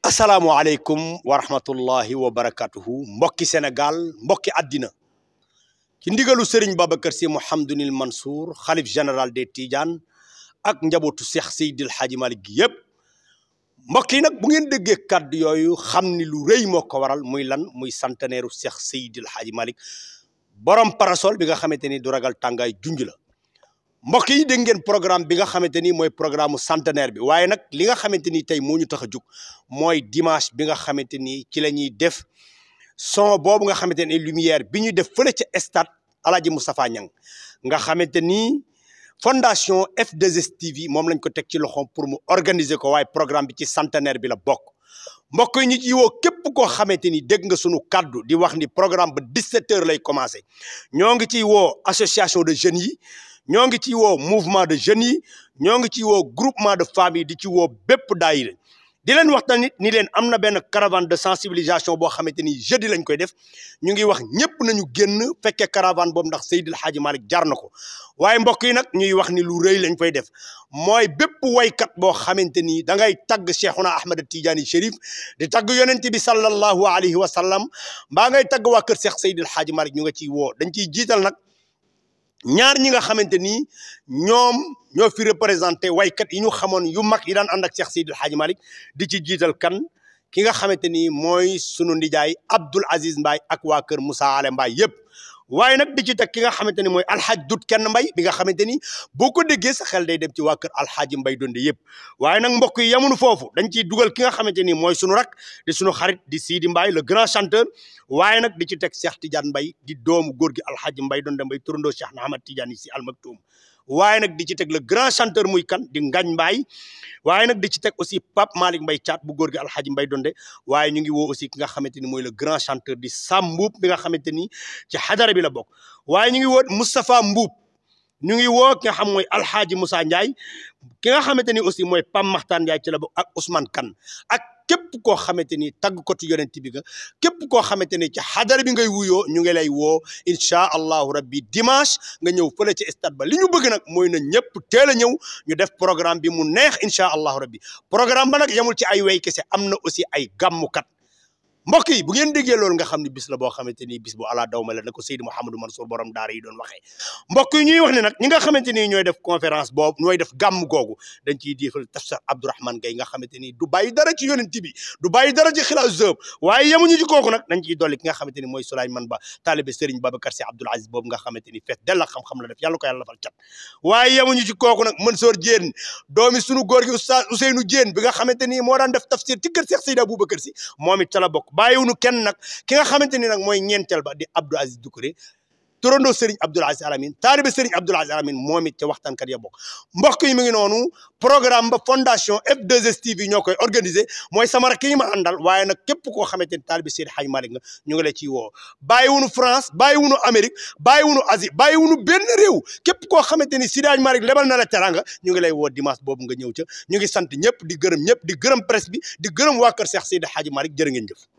asalaamualeykum wa rahmatullahi wa barakatuhu mbokki Sénégal mbokki àddina ci ndigalu Serigne Babacar Sy Mouhamadunil Mansour xalif général des Tidiane ak njabootu Cheikh Seydil Hadji Malick gi yëpp mbokk yi nag bu ngeen déggee kàddu yooyu xam ni lu rëy moo ko waral muy lan muy centenaire u Cheikh Seydil Hadji borom parasol bi nga xamante ni du ragal tàngaay junjula mbokk yi dégg ngeen programme bi nga xamante ni mooy programme centenaire bi waaye nag li nga xamante ni tey moo ñu tax a jug mooy dimanche bi nga xamante ni ci la ñuy def son boobu nga xamante ni lumière bi ñuy def fële ca stade Alaaji Moustapha Niang nga xamante ni fondation F2STV moom lañ ko teg ci loxoom pour mu organiser ko waaye programme bi ci centenaire bi la bokk mbokk yi ñu ci woo képp koo xamante ni dégg nga sunu kaddu di wax ni programme ba 17 heures lay commencé ñoo ngi ciy woo association de jeunes yi ñoo ngi ci woo mouvement de jeunes yi ñoo ngi ci woo groupement de famille di ci woo bépp daayira di leen wax tamit ni leen am na benn caravane de sensibilisation boo xamante ni jeudi lañ koy def ñu ngi wax ñëpp nañu génn fekkee caravane boobu ndax Seydil Hadji Malick jar na ko waaye mbokk yi nag ñuy wax ni lu rëy lañ koy def mooy bépp waykat boo xamante ni da ngay tagg Cheikhuna Ahmed Tidiane Chérif di tagg yonent bi sallallahu alayhi wa sallam mbaa ngay tagg waa kër Cheikh Seydil Hadji Malick ñu nga ciy woo dañ ciy jiital nag ñaar ñi nga xamante ni ñoom ñoo fi représenté waykat yi ñu xamoon yu mag yi daan ànd ak Cheikh Seydil Hadji Malick di ci jiital kan ki nga xamante ni mooy sunu ndijaay Abdoul Aziz Mbaye ak waa kër Moussa Ale yëpp waaye nag di ci teg ki nga xamante ni mooy alxaaj dut kenn mbay bi nga xamante ni boo ko déggee sa xel day dem ci waa kër alxaaji mbay donde yëpp waaye nag mbokk yi yamunu foofu dañ ciy dugal ki nga xamante ni mooy sunu rak di sunu xarit di Sidi Mbaye le grand chanteur waaye nag di ci teg Cheikh Tidiane Mbaye di doomu góor gi alxaaji mbay donde mbay turandoo Cheikh Ahmad Tidiane yi si almaktuum waaye nag di ci teg le grand chanteur muy kan di Ngagne Mbaye waaye nag di ci teg aussi pap Malick Mbaye Thiat bu góor gi Alhaji Mbaye Donde waaye ñu ngi woo aussi ki nga xamante ni mooy le grand chanteur di Sam Mboup bi nga xamante ni ci xadara bi la bokk waaye ñu ngi woo Moustapha Mboup ñu ngi woo ki nga xam mooy Alhaji Moussa Ndiaye ki nga xamante ni aussi mooy Pam Maxtaan Ndiaye ci la bokk ak Ousmane kan ak képp koo xamante ni tàggkatu yonent bi nga képp koo xamante ni ci xadara bi ngay wuyoo ñu ngi lay woo inchaa allahu rabbi dimanche nga ñëw fële ci stade ba li ñu bëgg nag mooy na ñëpp teel a ñëw ñu def programme bi mu neex inchaa allahu rabbi programme ba nag yamul ci ay way kese am na aussi ay gàmmukat mbokk yi bu ngeen déggee nga xam ne bis la boo xamante ni bis bu ala dawma la na ko Seydou Mouhamadou Mansour borom daara yi doon waxee mbokk ñuy wax ne nag ñi nga xamante ñooy def conférence boobu ñooy def gàmm googu dañ ciy déefal tafsir Abdourahmane Gaye nga xamante ni dell ak xam-xam la def yàlla ko yàlla fal cat waaye yemuñu ci kooku nag Mansour Diène doomi sunu góor gi Oustaz bi nga xamante moo daan def tafsir ci kër Cheikh Seydou Aboubacar bàyyiwunu kenn nag ki nga xamante ni nag mooy ñeenteel ba di Abdou Aziz Doucouré torondoo Serigne Abdoul Aziz Alamine taalibe Serigne Abdoul Aziz Alamine moom it ca waxtaankat ya bokk mbokk yi mu ngi noonu programme ba fondation F2S TV ñoo koy organisé mooy sama ki ma àndal waaye nag képp koo xamante ni taalibe Seydi Hadji Malick nga ñu ngi la ci woo bàyyiwunu France bàyyiwunu Amérique bàyyiwunu Asie bàyyiwunu benn réew képp koo xamante ni Seydi Hadji Malick lebal na la teranga ñu ngi lay woo dimanche boobu nga ñëw ca ñu ngi sant ñëpp di gërëm ñëpp di gërëm presse bi di gërëm waa kër Cheikh Seydi Hadji Malick jërë ngeen jëf